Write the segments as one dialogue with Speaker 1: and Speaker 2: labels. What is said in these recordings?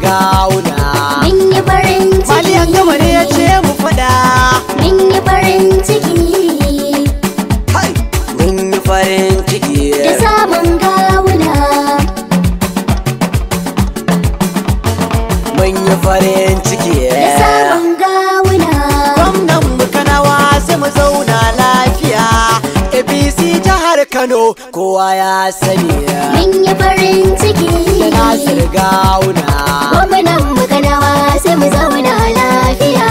Speaker 1: gauna mun yi farin ciki maliyan gama ne ya ce mu fada mun yi farin ciki mun yi farin ciki da sabon gauna mun yi farin ciki da sabon gauna gwamnan mu kanawa sai mu zauna lafiya abc jihar kano kowa ya sani mun yi farin ciki da Nasir Gauna. Gwamnan mu kanawa sai mu zauna lafiya.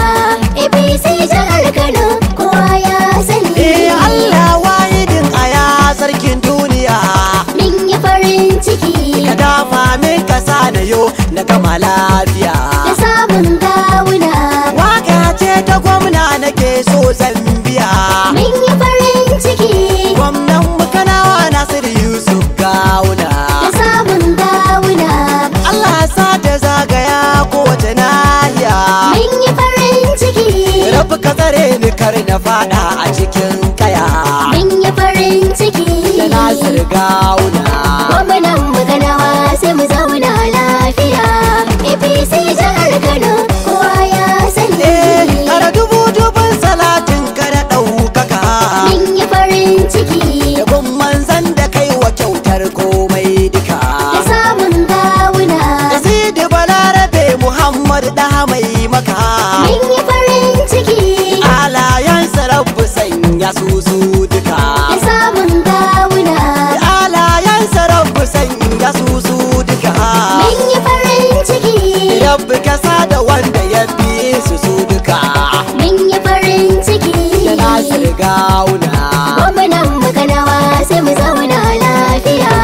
Speaker 1: APC jihar Kano kowa ya sani. Eh Allah wahidin aya sarkin duniya. Min yi farin ciki. Ka dama min kasa sa na yo na gama lafiya. Da samun gawuna. Waka ce ta gwamna na Mun yi farin ciki. Rabu ka zare ni kar na fada a cikin kaya. Mun yi farin ciki. Da na zirga wuna. su duka yi farin ciki rabbi ka da wanda ya fi su su duka min yi farin ciki da nasir gauna gwamnan mu sai mu zauna lafiya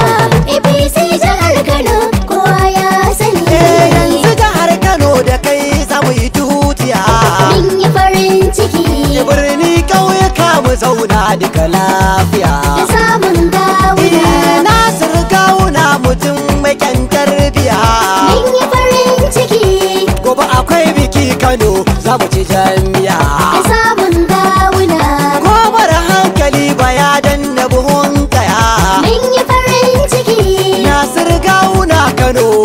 Speaker 1: apc jihar kano kowa ya sani eh, yanzu jihar kano da kai za mu yi tutiya min yi farin ciki birni ƙauyuka mu zauna duka lafiya Kano za mu ci jami'a. Samun ko Komar hankali ya ya buhun kaya. min yi farin ciki. Nasir gawuna Kano.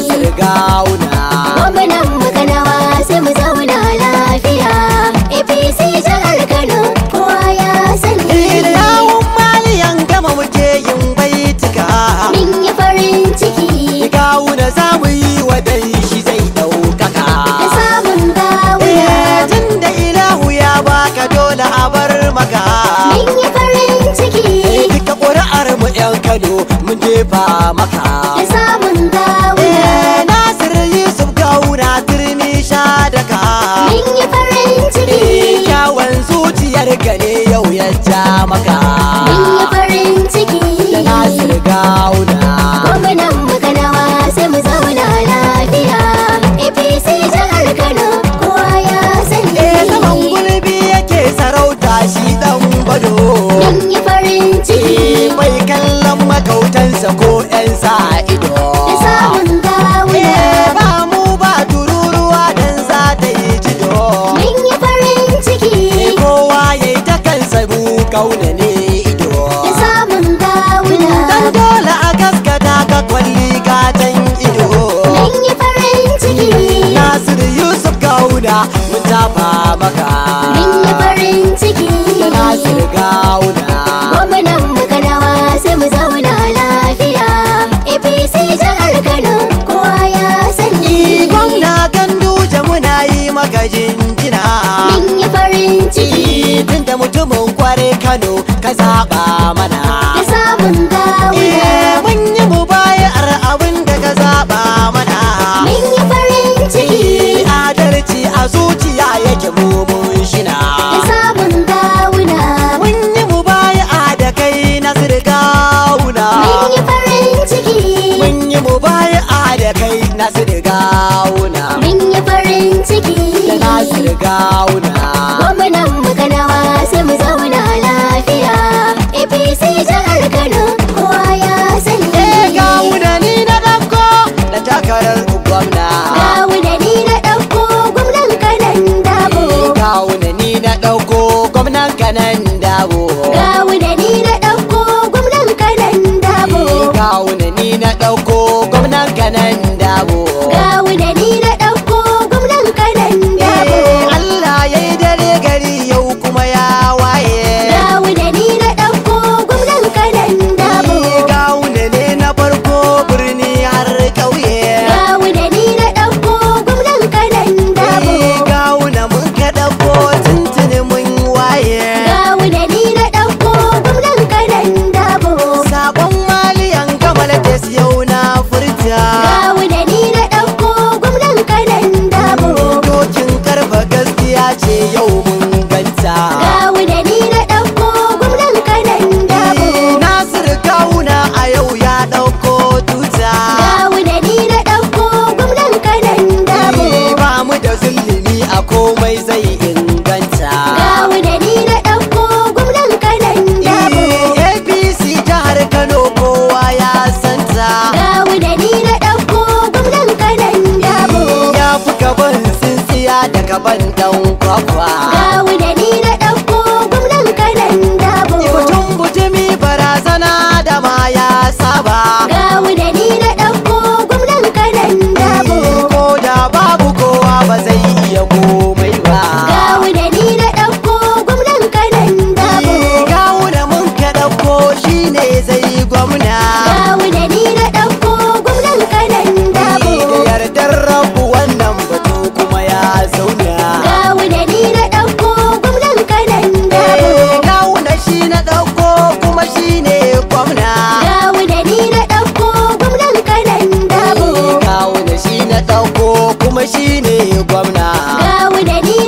Speaker 1: kasar gauna gwamnan makanawa sai mu zauna lafiya apc jihar kano kowa ya sani ilawun eh, maliyan gama muke yin baitika min yi farin ciki gauna za mu yi wa dan shi zai ɗaukaka da samun gauna eh, tun da ilahu ya baka dole a bar maka min yi farin ciki eh, duka ƙuri'ar mu 'yan kano mun jefa maka Mun farin ciki Da Nasir Gauna Gwamnan makanawa sai mu zauna lafiya APC jihar Kano kowa ya sani Eh kaman gulbi yake sarauta shi dan bado gauna mun tafa maka mun yi farin ciki nasir gauna gwamnan makarawa sai mu zauna lafiya apc jihar kano kowa ya sani gwamna ganduje muna yi maka jinjina mun yi farin ciki tunda mutumin kware kano ka zaɓa. gauna gwamnan mu sai mu zauna lafiya apc jihar kano kowa ya sani eh gauna ni na ɗauko da takarar gwamna eh, gauna ni na ɗauko gwamnan kanan dabo gauna ni na ɗauko gwamnan kanan dabo eh, gauna ni na ɗauko gwamnan kanan dabo gauna ni na ɗauko gwamnan kanan yo ya daga ban dan kwakwa. Gawu da ni na ready.